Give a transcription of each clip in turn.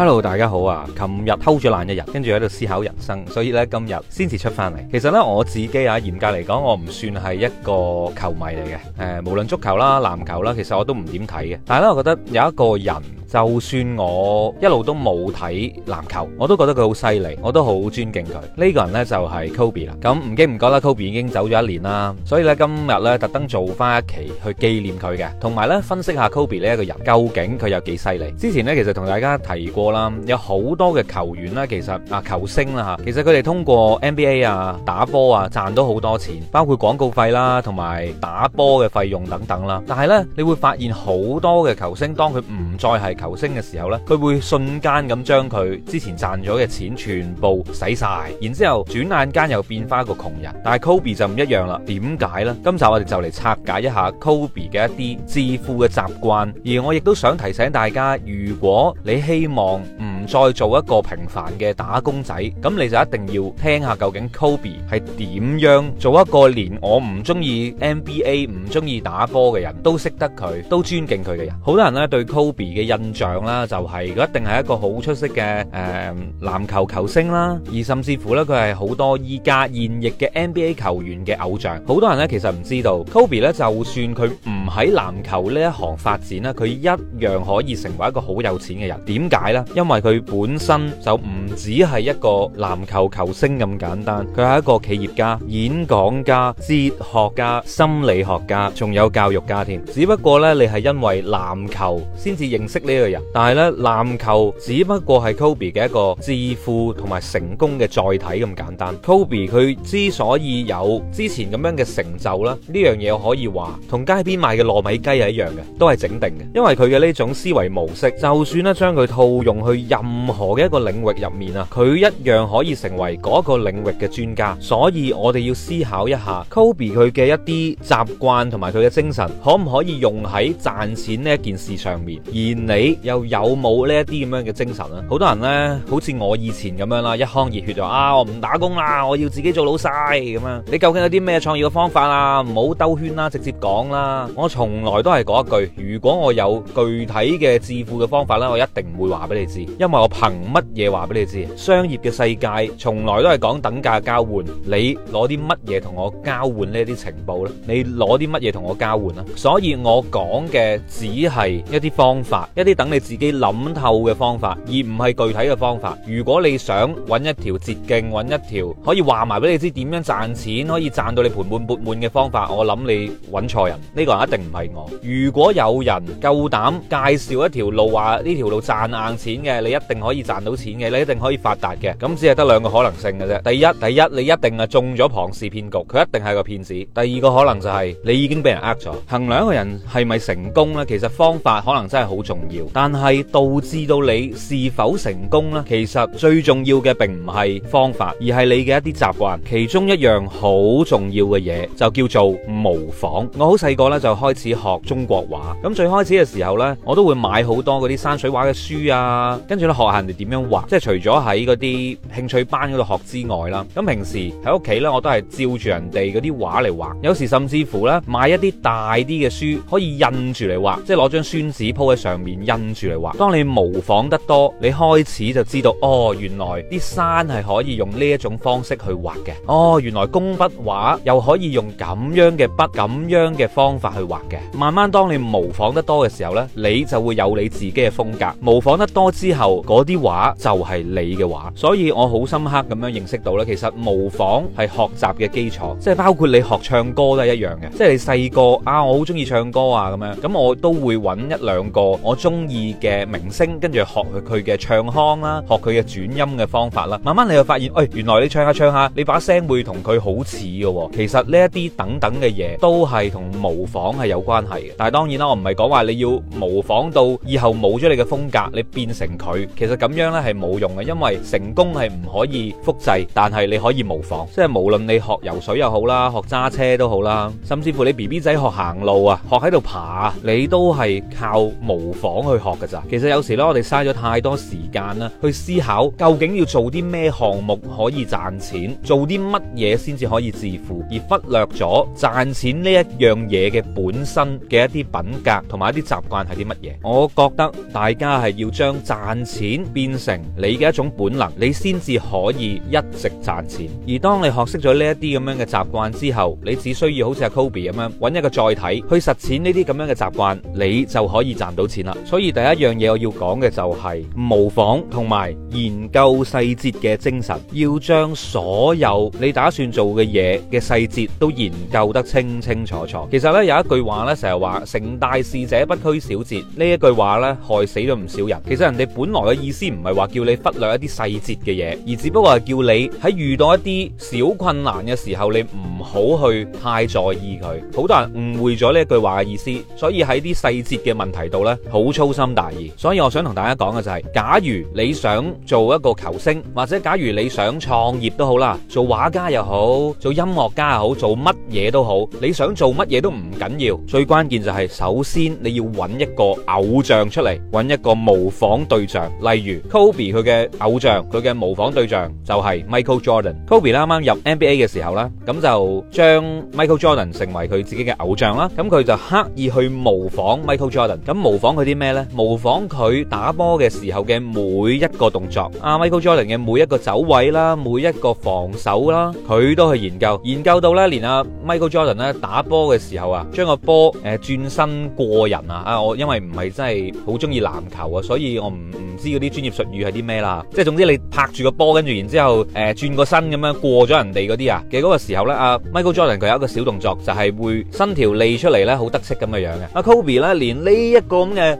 Hello，大家好啊！琴日偷咗懶一日，跟住喺度思考人生，所以咧今日先至出翻嚟。其實咧我自己啊，嚴格嚟講，我唔算係一個球迷嚟嘅。誒、呃，無論足球啦、籃球啦，其實我都唔點睇嘅。但係咧，我覺得有一個人。就算我一路都冇睇籃球，我都覺得佢好犀利，我都好尊敬佢。呢個人呢，就係 Kobe 啦。咁唔經唔覺啦，Kobe 已經走咗一年啦。所以咧今日咧特登做翻一期去紀念佢嘅，同埋咧分析下 Kobe 呢一個人究竟佢有幾犀利。之前咧其實同大家提過啦，有好多嘅球員啦，其實啊球星啦嚇，其實佢哋通過 NBA 啊打波啊賺到好多錢，包括廣告費啦同埋打波嘅費用等等啦。但係呢，你會發現好多嘅球星當佢唔再係球星嘅時候呢，佢會瞬間咁將佢之前賺咗嘅錢全部使晒。然之後轉眼間又變翻一個窮人。但係 Kobe 就唔一樣啦，點解呢？今集我哋就嚟拆解一下 Kobe 嘅一啲致富嘅習慣，而我亦都想提醒大家，如果你希望唔再做一個平凡嘅打工仔，咁你就一定要聽下究竟 Kobe 係點樣做一個連我唔中意 NBA、唔中意打波嘅人都識得佢、都尊敬佢嘅人。好多人呢，對 Kobe 嘅印像啦，就係佢一定係一個好出色嘅誒籃球球星啦，而甚至乎咧，佢係好多依家現役嘅 NBA 球員嘅偶像。好多人咧，其實唔知道，Kobe 咧，就算佢唔喺籃球呢一行發展咧，佢一樣可以成為一個好有錢嘅人。點解咧？因為佢本身就唔只係一個籃球球星咁簡單，佢係一個企業家、演講家、哲學家、心理學家，仲有教育家添。只不過咧，你係因為籃球先至認識你。個人，但係咧，籃球只不過係 Kobe 嘅一個致富同埋成功嘅載體咁簡單。Kobe 佢之所以有之前咁樣嘅成就啦，呢樣嘢可以話同街邊賣嘅糯米雞係一樣嘅，都係整定嘅。因為佢嘅呢種思維模式，就算咧將佢套用去任何嘅一個領域入面啊，佢一樣可以成為嗰個領域嘅專家。所以我哋要思考一下 Kobe 佢嘅一啲習慣同埋佢嘅精神，可唔可以用喺賺錢呢一件事上面？而你。又有冇呢一啲咁樣嘅精神啦？好多人呢，好似我以前咁樣啦，一腔熱血就啊，我唔打工啦，我要自己做老細咁樣！你究竟有啲咩創業嘅方法啊？唔好兜圈啦，直接講啦！我從來都係講一句：如果我有具體嘅致富嘅方法呢，我一定唔會話俾你知。因為我憑乜嘢話俾你知？商業嘅世界從來都係講等價交換。你攞啲乜嘢同我交換呢？啲情報咧？你攞啲乜嘢同我交換啦？所以我講嘅只係一啲方法，一啲。等你自己諗透嘅方法，而唔係具體嘅方法。如果你想揾一條捷徑，揾一條可以話埋俾你知點樣賺錢，可以賺到你盆滿缽滿嘅方法，我諗你揾錯人。呢個人一定唔係我。如果有人夠膽介紹一條路，話呢條路賺硬錢嘅，你一定可以賺到錢嘅，你一定可以發達嘅，咁只係得兩個可能性嘅啫。第一，第一你一定係中咗龐氏騙局，佢一定係個騙子。第二個可能就係你已經俾人呃咗。衡量一個人係咪成功呢？其實方法可能真係好重要。但係導致到你是否成功呢？其實最重要嘅並唔係方法，而係你嘅一啲習慣。其中一樣好重要嘅嘢就叫做模仿。我好細個呢，就開始學中國畫。咁最開始嘅時候呢，我都會買好多嗰啲山水畫嘅書啊，跟住咧學下人哋點樣畫。即係除咗喺嗰啲興趣班嗰度學之外啦，咁平時喺屋企呢，我都係照住人哋嗰啲畫嚟畫。有時甚至乎呢，買一啲大啲嘅書，可以印住嚟畫，即係攞張宣紙鋪喺上面。跟住嚟畫，當你模仿得多，你開始就知道哦，原來啲山係可以用呢一種方式去畫嘅。哦，原來工筆畫又可以用咁樣嘅筆，咁樣嘅方法去畫嘅。慢慢當你模仿得多嘅時候咧，你就會有你自己嘅風格。模仿得多之後嗰啲畫就係你嘅畫，所以我好深刻咁樣認識到咧，其實模仿係學習嘅基礎，即係包括你學唱歌都係一樣嘅，即係你細個啊，我好中意唱歌啊咁樣，咁我都會揾一兩個我中中意嘅明星，跟住學佢佢嘅唱腔啦，學佢嘅轉音嘅方法啦，慢慢你就發現，喂，原來你唱下唱下，你把聲會同佢好似嘅。其實呢一啲等等嘅嘢，都係同模仿係有關係嘅。但係當然啦，我唔係講話你要模仿到以後冇咗你嘅風格，你變成佢。其實咁樣咧係冇用嘅，因為成功係唔可以複製，但係你可以模仿。即係無論你學游水又好啦，學揸車都好啦，甚至乎你 BB 仔學行路啊，學喺度爬啊，你都係靠模仿。去學噶咋？其實有時咧，我哋嘥咗太多時間啦，去思考究竟要做啲咩項目可以賺錢，做啲乜嘢先至可以致富，而忽略咗賺錢呢一樣嘢嘅本身嘅一啲品格同埋一啲習慣係啲乜嘢？我覺得大家係要將賺錢變成你嘅一種本能，你先至可以一直賺錢。而當你學識咗呢一啲咁樣嘅習慣之後，你只需要好似阿 Kobe 咁樣，揾一個載體去實踐呢啲咁樣嘅習慣，你就可以賺到錢啦。所以第一樣嘢，我要講嘅就係、是、模仿同埋研究細節嘅精神，要將所有你打算做嘅嘢嘅細節都研究得清清楚楚。其實咧，有一句話咧，成日話成大事者不拘小節，呢一句話咧，害死咗唔少人。其實人哋本來嘅意思唔係話叫你忽略一啲細節嘅嘢，而只不過係叫你喺遇到一啲小困難嘅時候，你唔好去太在意佢。好多人誤會咗呢一句話嘅意思，所以喺啲細節嘅問題度咧好粗，粗心大意，所以我想同大家講嘅就係，假如你想做一個球星，或者假如你想創業都好啦，做畫家又好，做音樂家又好，做乜嘢都好，你想做乜嘢都唔緊要，最關鍵就係首先你要揾一個偶像出嚟，揾一個模仿對象，例如 Kobe 佢嘅偶像，佢嘅模仿對象就係 Michael Jordan。Kobe 咧啱啱入 NBA 嘅時候咧，咁就將 Michael Jordan 成為佢自己嘅偶像啦，咁佢就刻意去模仿 Michael Jordan，咁模仿佢啲咩咧？模仿佢打波嘅時候嘅每一個動作，阿 Michael Jordan 嘅每一個走位啦，每一個防守啦，佢都去研究，研究到咧，連阿 Michael Jordan 咧打波嘅時候啊，將個波誒轉身過人啊，啊我因為唔係真係好中意籃球啊，所以我唔唔知嗰啲專業術語係啲咩啦，即係總之你拍住個波，跟住然之後誒轉個身咁樣過咗人哋嗰啲啊嘅嗰個時候咧，阿 Michael Jordan 佢有一個小動作就係會伸條脷出嚟咧，好得戚咁嘅樣嘅。阿 Kobe 咧，連呢一個咁嘅。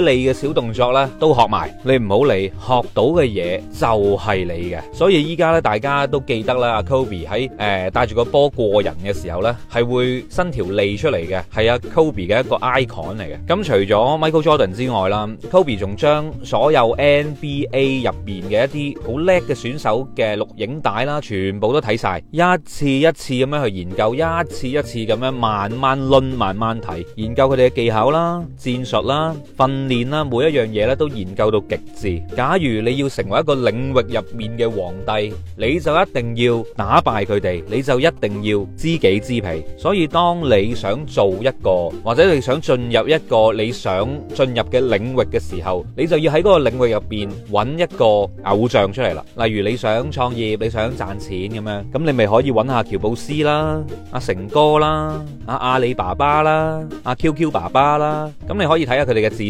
鋸脷嘅小動作咧，都學埋。你唔好理，學到嘅嘢就係你嘅，所以依家咧，大家都記得啦。Kobe 喺誒帶住個波過人嘅時候呢，係會伸條脷出嚟嘅，係阿、啊、Kobe 嘅一個 icon 嚟嘅。咁除咗 Michael Jordan 之外啦，Kobe 仲將所有 NBA 入邊嘅一啲好叻嘅選手嘅錄影帶啦，全部都睇晒，一次一次咁樣去研究，一次一次咁樣慢慢論慢慢睇，研究佢哋嘅技巧啦、戰術啦。啊訓練啦，每一樣嘢咧都研究到極致。假如你要成為一個領域入面嘅皇帝，你就一定要打敗佢哋，你就一定要知己知彼。所以當你想做一個或者你想進入一個你想進入嘅領域嘅時候，你就要喺嗰個領域入邊揾一個偶像出嚟啦。例如你想創業、你想賺錢咁樣，咁你咪可以揾下喬布斯啦、阿、啊、成哥啦、阿、啊、阿里巴巴啦、阿 QQ 爸爸啦。咁、啊、你可以睇下佢哋嘅字。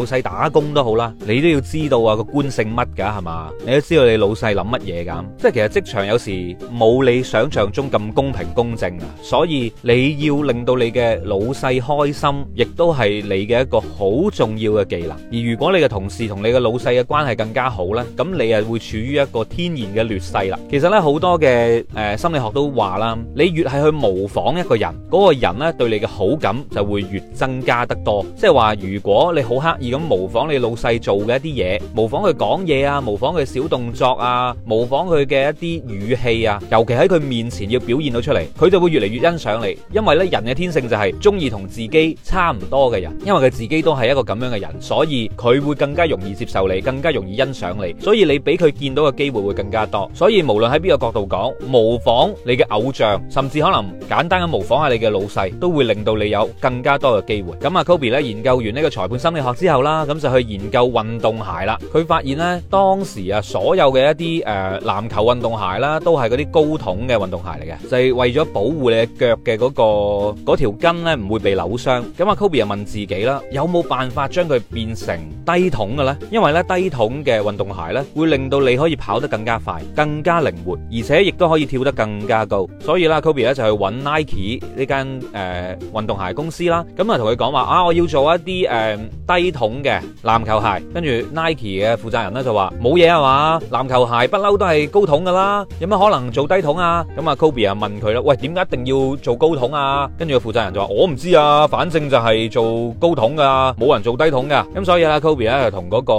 老細打工都好啦，你都要知道啊個官姓乜噶係嘛？你都知道你老細諗乜嘢㗎，即係其實職場有時冇你想象中咁公平公正啊，所以你要令到你嘅老細開心，亦都係你嘅一個好重要嘅技能。而如果你嘅同事同你嘅老細嘅關係更加好呢，咁你啊會處於一個天然嘅劣勢啦。其實呢好多嘅誒心理學都話啦，你越係去模仿一個人，嗰個人呢對你嘅好感就會越增加得多。即係話如果你好刻意。咁模仿你老細做嘅一啲嘢，模仿佢講嘢啊，模仿佢小動作啊，模仿佢嘅一啲語氣啊，尤其喺佢面前要表現到出嚟，佢就會越嚟越欣賞你，因為咧人嘅天性就係中意同自己差唔多嘅人，因為佢自己都係一個咁樣嘅人，所以佢會更加容易接受你，更加容易欣賞你，所以你俾佢見到嘅機會會更加多，所以無論喺邊個角度講，模仿你嘅偶像，甚至可能簡單咁模仿下你嘅老細，都會令到你有更加多嘅機會。咁啊，Kobe 咧研究完呢個裁判心理學之後。啦，咁就去研究運動鞋啦。佢發現呢，當時啊，所有嘅一啲誒籃球運動鞋啦，都係嗰啲高筒嘅運動鞋嚟嘅，就係、係、為咗保護你嘅腳嘅嗰個條筋呢唔會被扭傷。咁、嗯、阿 Kobe 又問自己啦，有冇辦法將佢變成低筒嘅呢？因為呢，低筒嘅運動鞋呢會令到你可以跑得更加快，更加靈活，而且亦都可以跳得更加高。所以啦，Kobe 咧就去揾 Nike 呢間誒運、呃、動鞋公司啦，咁啊同佢講話啊，我要做一啲誒、呃、低筒。嘅籃球鞋，跟住 Nike 嘅負責人咧就話冇嘢啊嘛，籃球鞋不嬲都係高筒噶啦，有乜可能做低筒啊？咁啊，Kobe 啊問佢啦，喂，點解一定要做高筒啊？跟住個負責人就話我唔知啊，反正就係做高筒噶，冇人做低筒噶。咁所以啦，Kobe 咧就同嗰個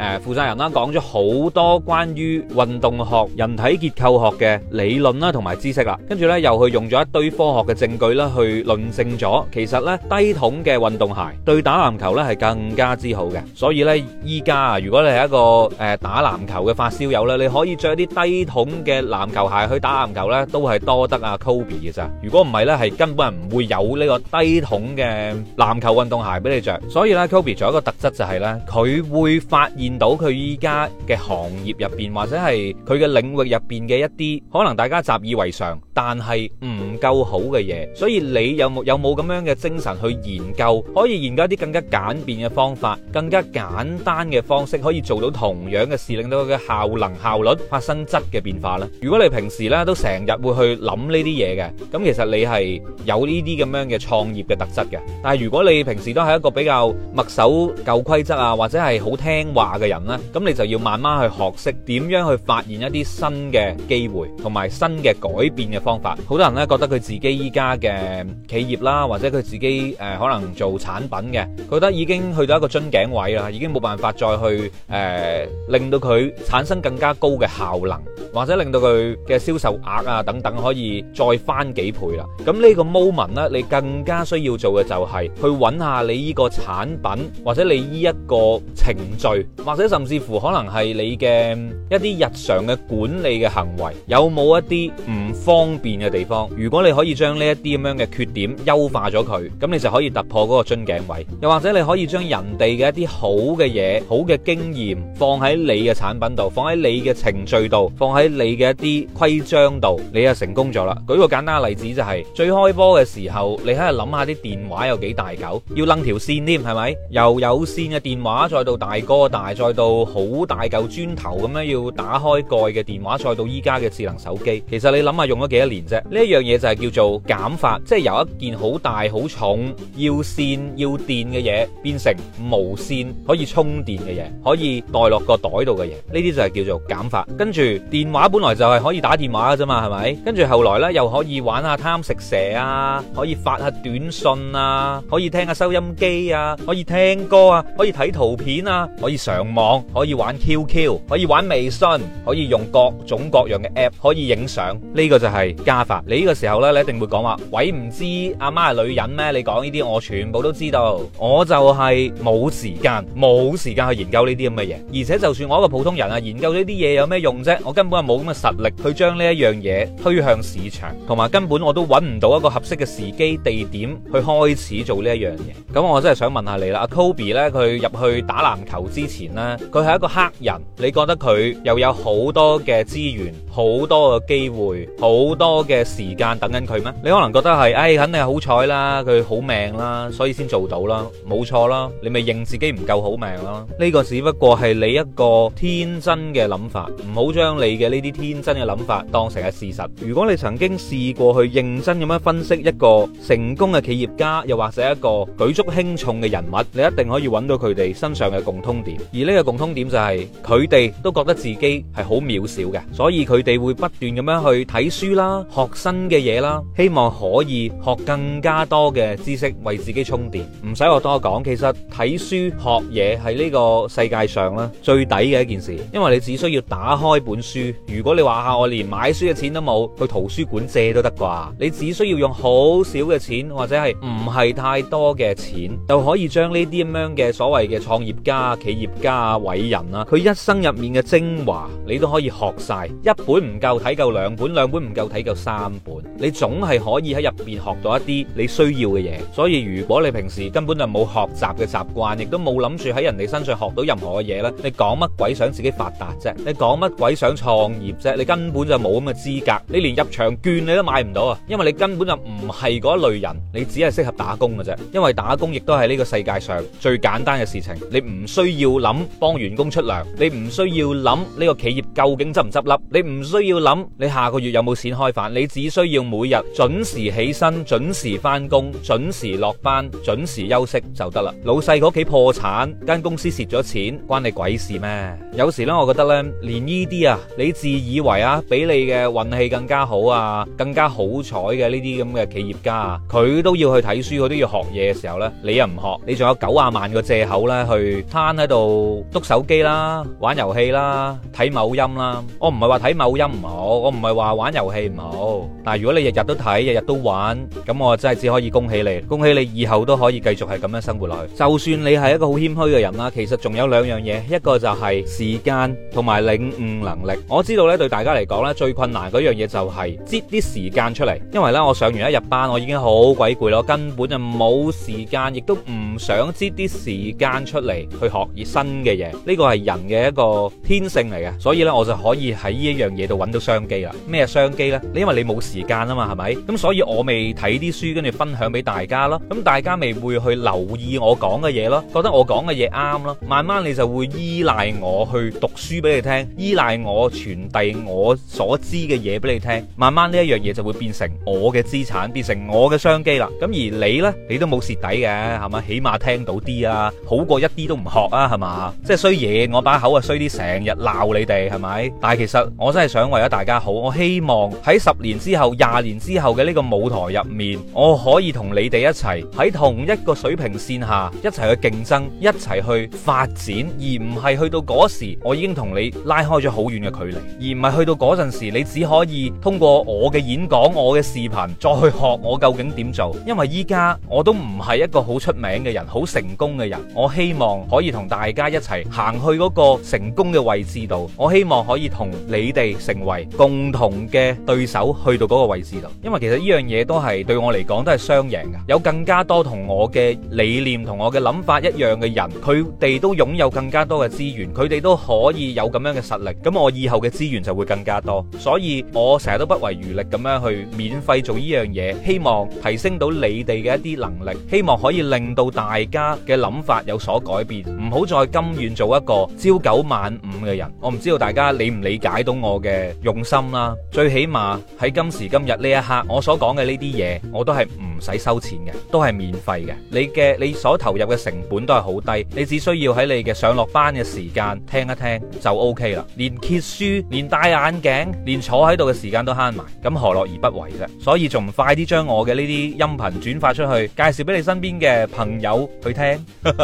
誒負責人啦講咗好多關於運動學、人體結構學嘅理論啦，同埋知識啦，跟住咧又去用咗一堆科學嘅證據啦去論證咗，其實咧低筒嘅運動鞋對打籃球咧係更加。之好嘅，所以呢，依家啊，如果你係一個誒打籃球嘅發燒友咧，你可以着啲低筒嘅籃球鞋去打籃球呢都係多得阿 Kobe 嘅咋。如果唔係呢係根本唔會有呢個低筒嘅籃球運動鞋俾你着。所以呢，Kobe 仲有一個特質就係、是、呢，佢會發現到佢依家嘅行業入邊或者係佢嘅領域入邊嘅一啲可能大家習以為常但係唔夠好嘅嘢。所以你有冇有冇咁樣嘅精神去研究，可以研究一啲更加簡便嘅方法？方法更加簡單嘅方式可以做到同樣嘅事，令到佢嘅效能、效率發生質嘅變化啦如果你平時咧都成日會去諗呢啲嘢嘅，咁其實你係有呢啲咁樣嘅創業嘅特質嘅。但係如果你平時都係一個比較墨守舊規則啊，或者係好聽話嘅人咧，咁你就要慢慢去學識點樣去發現一啲新嘅機會同埋新嘅改變嘅方法。好多人咧，覺得佢自己依家嘅企業啦，或者佢自己誒可能做產品嘅覺得已經去到個樽頸位啊，已經冇辦法再去誒、呃，令到佢產生更加高嘅效能，或者令到佢嘅銷售額啊等等可以再翻幾倍啦。咁呢個 moment 咧，你更加需要做嘅就係、是、去揾下你呢個產品，或者你呢一個程序，或者甚至乎可能係你嘅一啲日常嘅管理嘅行為，有冇一啲唔方便嘅地方？如果你可以將呢一啲咁樣嘅缺點優化咗佢，咁你就可以突破嗰個樽頸位，又或者你可以將人。人哋嘅一啲好嘅嘢、好嘅經驗，放喺你嘅產品度，放喺你嘅程序度，放喺你嘅一啲規章度，你就成功咗啦。舉個簡單嘅例子就係最開波嘅時候，你喺度諗下啲電話有幾大嚿，要掹條線添，係咪？由有線嘅電話再到大哥大，再到好大嚿磚頭咁樣要打開蓋嘅電話，再到依家嘅智能手機。其實你諗下用咗幾多年啫？呢一樣嘢就係叫做減法，即係由一件好大好重、要線、要電嘅嘢變成。無線可以充電嘅嘢，可以帶落個袋度嘅嘢，呢啲就係叫做減法。跟住電話本來就係可以打電話嘅啫嘛，係咪？跟住後來呢，又可以玩下貪食蛇啊，可以發下短信啊，可以聽下收音機啊，可以聽歌啊，可以睇圖片啊，可以上網，可以玩 QQ，可以玩微信，可以用各種各樣嘅 app，可以影相。呢個就係加法。你呢個時候呢，你一定會講話：鬼唔知阿媽係女人咩？你講呢啲我全部都知道。我就係。冇時間，冇時間去研究呢啲咁嘅嘢。而且就算我一個普通人啊，研究呢啲嘢有咩用啫？我根本係冇咁嘅實力去將呢一樣嘢推向市場，同埋根本我都揾唔到一個合適嘅時機、地點去開始做呢一樣嘢。咁我真係想問下你啦，阿 Kobe 呢？佢入去打籃球之前呢，佢係一個黑人，你覺得佢又有好多嘅資源、好多嘅機會、好多嘅時間等緊佢咩？你可能覺得係，誒、哎，肯定係好彩啦，佢好命啦，所以先做到啦，冇錯啦，你認自己唔夠好命咯、啊，呢、呢個只不過係你一個天真嘅諗法，唔好將你嘅呢啲天真嘅諗法當成係事實。如果你曾經試過去認真咁樣分析一個成功嘅企業家，又或者一個舉足輕重嘅人物，你一定可以揾到佢哋身上嘅共通點。而呢個共通點就係佢哋都覺得自己係好渺小嘅，所以佢哋會不斷咁樣去睇書啦、學新嘅嘢啦，希望可以學更加多嘅知識為自己充電。唔使我多講，其實睇。睇書學嘢係呢個世界上咧最抵嘅一件事，因為你只需要打開本書。如果你話下我連買書嘅錢都冇，去圖書館借都得啩？你只需要用好少嘅錢，或者係唔係太多嘅錢，就可以將呢啲咁樣嘅所謂嘅創業家、企業家啊、偉人啦，佢一生入面嘅精華，你都可以學晒。一本唔夠睇夠兩本，兩本唔夠睇夠三本，你總係可以喺入邊學到一啲你需要嘅嘢。所以如果你平時根本就冇學習嘅習慣，還亦都冇諗住喺人哋身上學到任何嘅嘢咧，你講乜鬼想自己發達啫？你講乜鬼想創業啫？你根本就冇咁嘅資格，你連入場券你都買唔到啊！因為你根本就唔係嗰一類人，你只係適合打工嘅啫。因為打工亦都係呢個世界上最簡單嘅事情，你唔需要諗幫員工出糧，你唔需要諗呢個企業究竟執唔執笠，你唔需要諗你下個月有冇錢開飯，你只需要每日準時起身、準時返工、準時落班，班、準時休息就得啦，老細，如果屋企破產，間公司蝕咗錢，關你鬼事咩？有時咧，我覺得咧，連呢啲啊，你自以為啊，比你嘅運氣更加好啊，更加好彩嘅呢啲咁嘅企業家啊，佢都要去睇書，佢都要學嘢嘅時候咧，你又唔學，你仲有九啊萬個借口咧去攤喺度篤手機啦、玩遊戲啦、睇某音啦。我唔係話睇某音唔好，我唔係話玩遊戲唔好。但係如果你日日都睇，日日都玩，咁我真係只可以恭喜你，恭喜你以後都可以繼續係咁樣生活落去，就算。算你係一個好謙虛嘅人啦，其實仲有兩樣嘢，一個就係時間同埋領悟能力。我知道咧對大家嚟講咧最困難嗰樣嘢就係擠啲時間出嚟，因為咧我上完一日班，我已經好鬼攰咯，根本就冇時間，亦都唔想擠啲時間出嚟去學新嘅嘢。呢個係人嘅一個天性嚟嘅，所以咧我就可以喺呢一樣嘢度揾到商機啦。咩商機呢？你因為你冇時間啊嘛，係咪？咁所以我未睇啲書，跟住分享俾大家咯。咁大家未會去留意我講嘅嘢嘢咯，覺得我講嘅嘢啱囉，慢慢你就會依賴我去讀書俾你聽，依賴我傳遞我所知嘅嘢俾你聽，慢慢呢一樣嘢就會變成我嘅資產，變成我嘅商機啦。咁而你呢，你都冇蝕底嘅，係咪？起碼聽到啲啊，好過一啲都唔學啊，係嘛？即係衰嘢，我把口啊衰啲，成日鬧你哋係咪？但係其實我真係想為咗大家好，我希望喺十年之後、廿年之後嘅呢個舞台入面，我可以同你哋一齊喺同一個水平線下一齊嘅競爭一齊去發展，而唔係去到嗰時，我已經同你拉開咗好遠嘅距離；而唔係去到嗰陣時，你只可以通過我嘅演講、我嘅視頻，再去學我究竟點做。因為依家我都唔係一個好出名嘅人、好成功嘅人。我希望可以同大家一齊行去嗰個成功嘅位置度。我希望可以同你哋成為共同嘅對手，去到嗰個位置度。因為其實呢樣嘢都係對我嚟講都係雙贏嘅，有更加多同我嘅理念、同我嘅諗法一樣嘅人，佢哋都擁有更加多嘅資源，佢哋都可以有咁樣嘅實力。咁我以後嘅資源就會更加多，所以我成日都不遺餘力咁樣去免費做呢樣嘢，希望提升到你哋嘅一啲能力，希望可以令到大家嘅諗法有所改變，唔好再甘願做一個朝九晚五嘅人。我唔知道大家理唔理解到我嘅用心啦，最起碼喺今時今日呢一刻，我所講嘅呢啲嘢，我都係唔。唔使收錢嘅，都係免費嘅。你嘅你所投入嘅成本都係好低，你只需要喺你嘅上落班嘅時間聽一聽就 OK 啦。連揭書、連戴眼鏡、連坐喺度嘅時間都慳埋，咁何樂而不為啫？所以仲唔快啲將我嘅呢啲音頻轉發出去，介紹俾你身邊嘅朋友去聽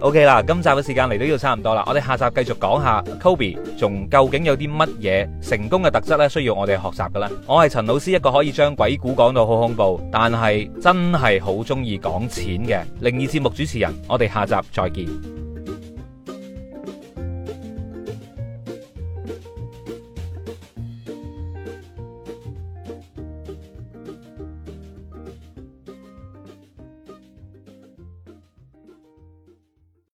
？OK 啦，今集嘅時間嚟到呢度差唔多啦，我哋下集繼續講下 Kobe，仲究竟有啲乜嘢成功嘅特質咧，需要我哋學習㗎啦。我係陳老師，一個可以將鬼故講到好恐怖，但係。真係好中意講錢嘅靈異節目主持人，我哋下集再見。